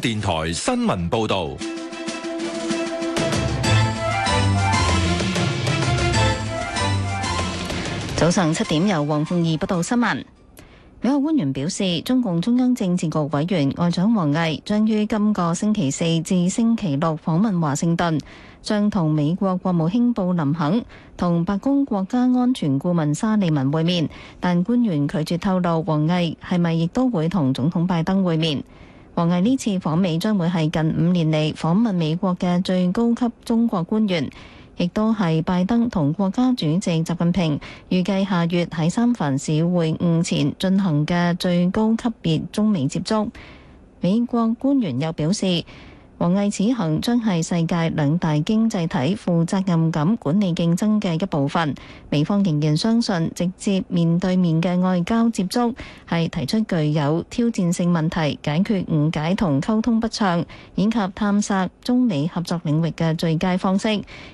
電台新聞報道：早上七點，由黃鳳儀報道新聞。美國官員表示，中共中央政治局委員、外長王毅將於今個星期四至星期六訪問華盛頓，將同美國國務卿布林肯、同白宮國家安全顧問沙利文會面，但官員拒絕透露王毅係咪亦都會同總統拜登會面。王毅呢次訪美將會係近五年嚟訪問美國嘅最高級中國官員，亦都係拜登同國家主席習近平預計下月喺三藩市會晤前進行嘅最高級別中美接觸，美國官員又表示。王毅此行將係世界兩大經濟體負責任咁管理競爭嘅一部分。美方仍然相信，直接面對面嘅外交接觸，係提出具有挑戰性問題解決誤解同溝通不暢，以及探索中美合作領域嘅最佳方式。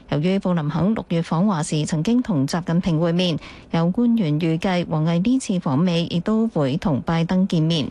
由於布林肯六月訪華時曾經同習近平會面，有官員預計王毅呢次訪美亦都會同拜登見面。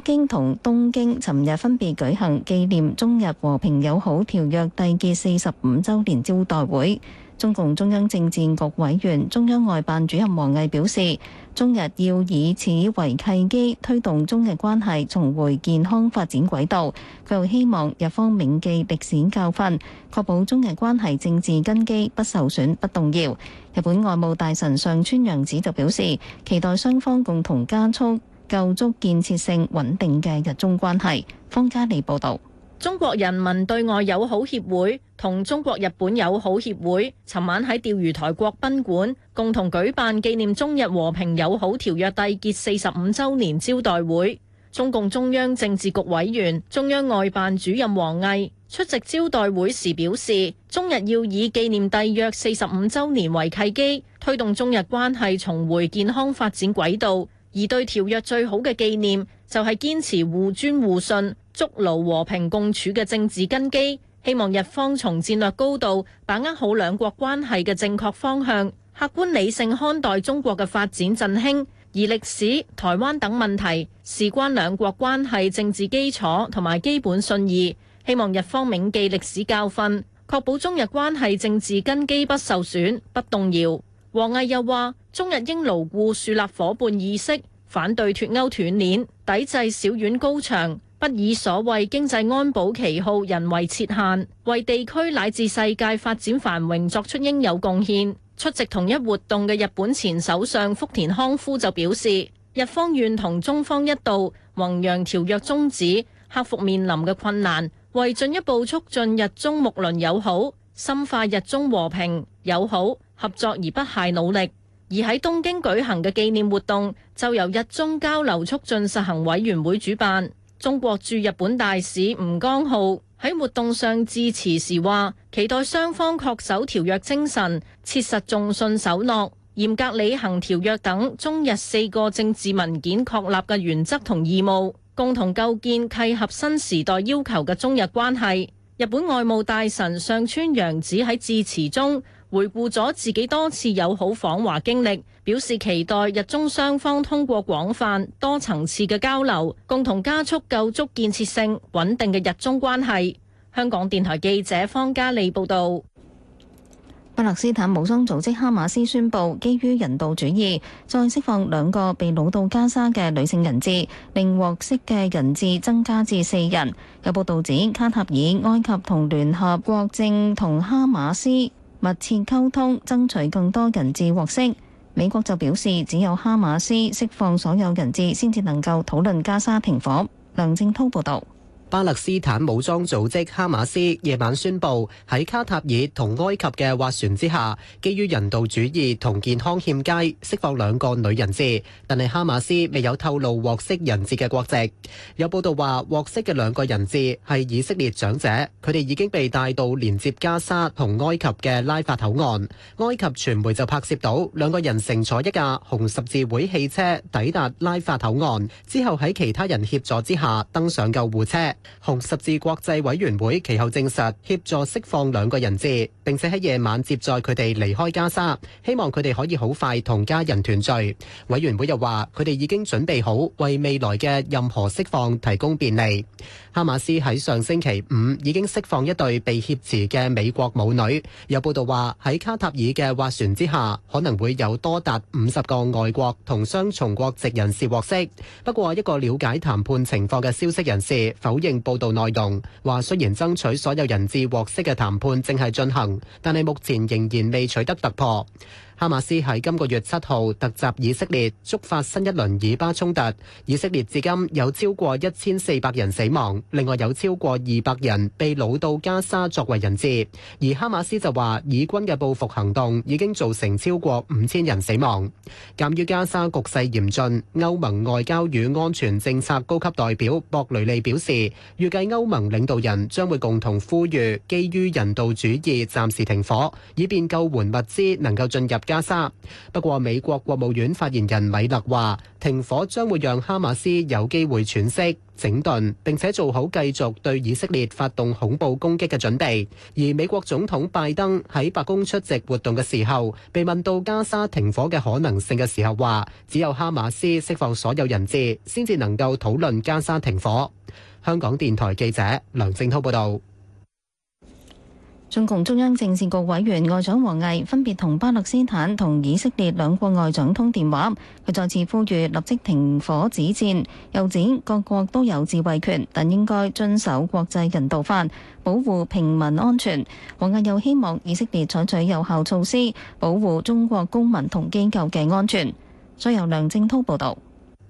北京同東京尋日分別舉行紀念中日和平友好條約締結四十五週年招待會。中共中央政治局委員、中央外辦主任王毅表示，中日要以此為契機，推動中日關係重回健康發展軌道。佢又希望日方銘記歷史教訓，確保中日關係政治根基不受損、不動搖。日本外務大臣上川陽子就表示，期待雙方共同加速。構築建設性穩定嘅日中關係。方家利報導，中國人民對外友好協會同中國日本友好協會尋晚喺釣魚台國賓館共同舉辦紀念中日和平友好條約締結四十五週年招待會。中共中央政治局委員、中央外辦主任王毅出席招待會時表示，中日要以紀念締約四十五週年為契機，推動中日關係重回健康發展軌道。而對條約最好嘅紀念，就係堅持互尊互信、築牢和平共處嘅政治根基。希望日方從戰略高度把握好兩國關係嘅正確方向，客觀理性看待中國嘅發展振興。而歷史、台灣等問題，事關兩國關係政治基礎同埋基本信義。希望日方銘記歷史教訓，確保中日關係政治根基不受損、不動搖。王毅又話：中日應牢固樹立伙伴意識，反對脱歐斷鏈，抵制小院高牆，不以所謂經濟安保旗號人為設限，為地區乃至世界發展繁榮作出應有貢獻。出席同一活動嘅日本前首相福田康夫就表示，日方願同中方一道，弘揚條約宗旨，克服面臨嘅困難，為進一步促進日中睦鄰友好、深化日中和平友好合作而不懈努力，而喺東京舉行嘅紀念活動就由日中交流促進實行委員會主辦，中國駐日本大使吳江浩喺活動上致辭時話，期待雙方恪守條約精神，切實重信守諾、嚴格履行條約等中日四個政治文件確立嘅原則同義務，共同構建契合新時代要求嘅中日關係。日本外務大臣上川陽子喺致辭中，回顧咗自己多次友好訪華經歷，表示期待日中雙方通過廣泛多層次嘅交流，共同加速構築建設性穩定嘅日中關係。香港電台記者方嘉利報道，巴勒斯坦武裝組織哈馬斯宣布，基於人道主義，再釋放兩個被擄到加沙嘅女性人質，令獲釋嘅人質增加至四人。有報道指，卡塔爾、埃及同聯合國政同哈馬斯。密切溝通，爭取更多人質獲釋。美國就表示，只有哈馬斯釋放所有人質，先至能夠討論加沙停火。梁正滔報導。巴勒斯坦武裝組織哈馬斯夜晚宣布，喺卡塔爾同埃及嘅斡旋之下，基於人道主義同健康欠佳，釋放兩個女人質，但係哈馬斯未有透露獲釋人質嘅國籍。有報道話獲釋嘅兩個人質係以色列長者，佢哋已經被帶到連接加沙同埃及嘅拉法口岸。埃及傳媒就拍攝到兩個人乘坐一架紅十字會汽車抵達拉法口岸，之後喺其他人協助之下登上救護車。紅十字國際委員會其後證實協助釋放兩個人質，並且喺夜晚接載佢哋離開加沙，希望佢哋可以好快同家人團聚。委員會又話佢哋已經準備好為未來嘅任何釋放提供便利。哈馬斯喺上星期五已經釋放一對被挾持嘅美國母女。有報道話喺卡塔爾嘅斡旋之下，可能會有多達五十個外國同雙重國籍人士獲釋。不過一個了解談判情況嘅消息人士否認。報道內容話：雖然爭取所有人質獲釋嘅談判正係進行，但係目前仍然未取得突破。哈馬斯喺今個月七號突襲以色列，觸發新一輪以巴衝突。以色列至今有超過一千四百人死亡，另外有超過二百人被擄到加沙作為人質。而哈馬斯就話，以軍嘅報復行動已經造成超過五千人死亡。鑑於加沙局勢嚴峻，歐盟外交與安全政策高級代表博雷利表示，預計歐盟領導人將會共同呼籲，基於人道主義暫時停火，以便救援物資能夠進入。加沙。不過，美國國務院發言人米勒話，停火將會讓哈馬斯有機會喘息、整頓，並且做好繼續對以色列發動恐怖攻擊嘅準備。而美國總統拜登喺白宮出席活動嘅時候，被問到加沙停火嘅可能性嘅時候，話只有哈馬斯釋放所有人質，先至能夠討論加沙停火。香港電台記者梁正滔報道。中共中央政治局委員外長王毅分別同巴勒斯坦同以色列兩國外長通電話，佢再次呼籲立即停火止戰，又指各國都有自衛權，但應該遵守國際人道法，保護平民安全。王毅又希望以色列採取有效措施，保護中國公民同機構嘅安全。再由梁正濤報道。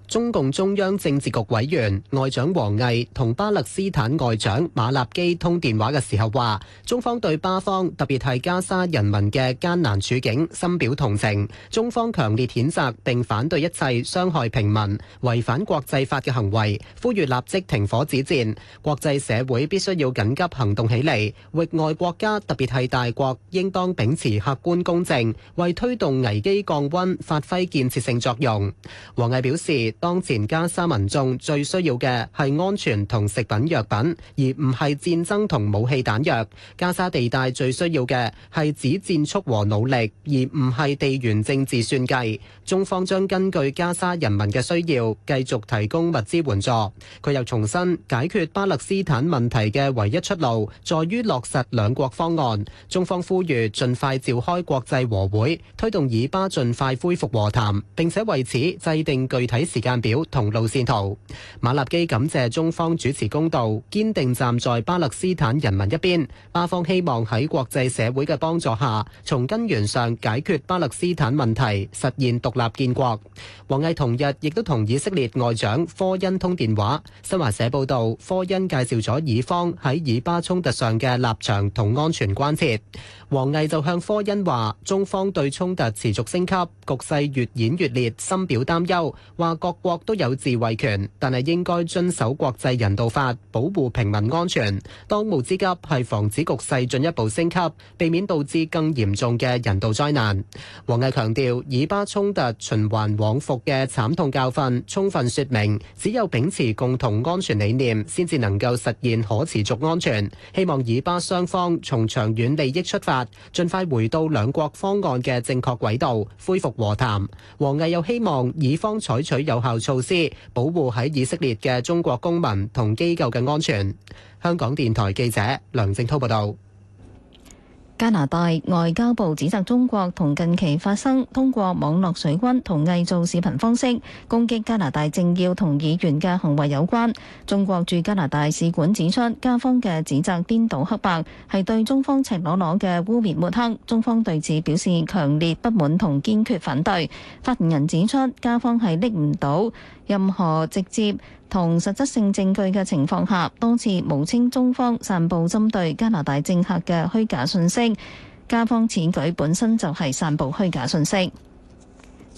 中共中央政治局委員外長王毅同巴勒斯坦外長馬立基通電話嘅時候話，中方對巴方特別係加沙人民嘅艱難處境深表同情，中方強烈譴責並反對一切傷害平民、違反國際法嘅行為，呼籲立即停火止戰。國際社會必須要緊急行動起嚟，域外國家特別係大國應當秉持客觀公正，為推動危機降温發揮建設性作用。王毅表示。當前加沙民眾最需要嘅係安全同食品藥品，而唔係戰爭同武器彈藥。加沙地帶最需要嘅係止戰速和努力，而唔係地緣政治算計。中方將根據加沙人民嘅需要，繼續提供物資援助。佢又重申，解決巴勒斯坦問題嘅唯一出路，在於落實兩國方案。中方呼籲盡快召開國際和會，推動以巴盡快恢復和談，並且為此制定具體時間時間表同路線圖。馬立基感謝中方主持公道，堅定站在巴勒斯坦人民一邊。巴方希望喺國際社會嘅幫助下，從根源上解決巴勒斯坦問題，實現獨立建國。王毅同日亦都同以色列外長科恩通電話。新華社報道，科恩介紹咗以方喺以巴衝突上嘅立場同安全關切。王毅就向科恩話，中方對衝突持續升級、局勢越演越烈深表擔憂，話各。國都有自衛權，但係應該遵守國際人道法，保護平民安全。當務之急係防止局勢進一步升級，避免導致更嚴重嘅人道災難。王毅強調，以巴衝突循環往復嘅慘痛教訓，充分說明只有秉持共同安全理念，先至能夠實現可持續安全。希望以巴雙方從長遠利益出發，盡快回到兩國方案嘅正確軌道，恢復和談。王毅又希望以方採取有效措施，保護喺以色列嘅中國公民同機構嘅安全。香港電台記者梁正濤報道。加拿大外交部指責中國同近期發生通過網絡水軍同偽造視頻方式攻擊加拿大政要同議員嘅行為有關。中國駐加拿大使館指出，加方嘅指責顛倒黑白，係對中方赤裸裸嘅污衊抹黑，中方對此表示強烈不滿同堅決反對。發言人指出，加方係拎唔到任何直接同實質性證據嘅情況下，多次誣稱中方散布針對加拿大政客嘅虛假信息，加方此舉本身就係散布虛假信息。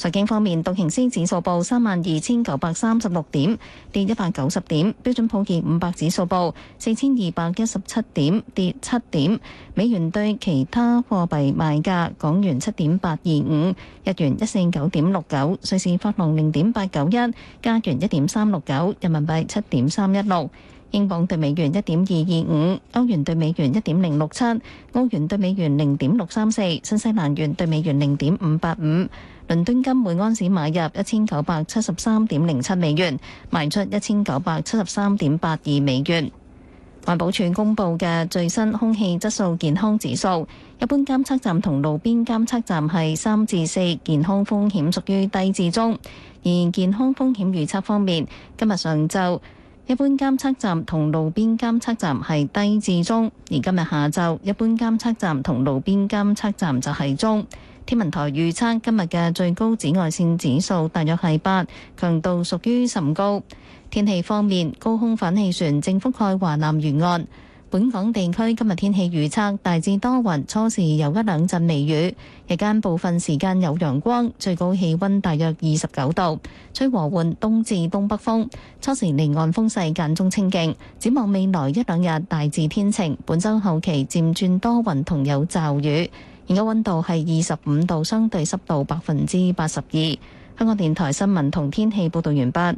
財經方面，道瓊斯指數報三萬二千九百三十六點，跌一百九十點。標準普爾五百指數報四千二百一十七點，跌七點。美元對其他貨幣賣價，港元七點八二五，日元一四九點六九，瑞士法郎零點八九一，加元一點三六九，人民幣七點三一六，英鎊對美元一點二二五，歐元對美元一點零六七，澳元對美元零點六三四，新西蘭元對美元零點五八五。倫敦金每安士買入一千九百七十三點零七美元，賣出一千九百七十三點八二美元。環保署公布嘅最新空氣質素健康指數，一般監測站同路邊監測站係三至四，健康風險屬於低至中。而健康風險預測方面，今日上晝一般監測站同路邊監測站係低至中，而今日下晝一般監測站同路邊監測站就係中。天文台預測今日嘅最高紫外線指數大約係八，強度屬於甚高。天氣方面，高空反氣旋正覆蓋華南沿岸。本港地區今日天氣預測大致多雲，初時有一兩陣微雨，日間部分時間有陽光，最高氣温大約二十九度，吹和緩東至東北風，初時離岸風勢間中清勁。展望未來一兩日大致天晴，本週後期漸轉多雲同有驟雨。而家溫度係二十五度，相對濕度百分之八十二。香港電台新聞同天氣報道完畢。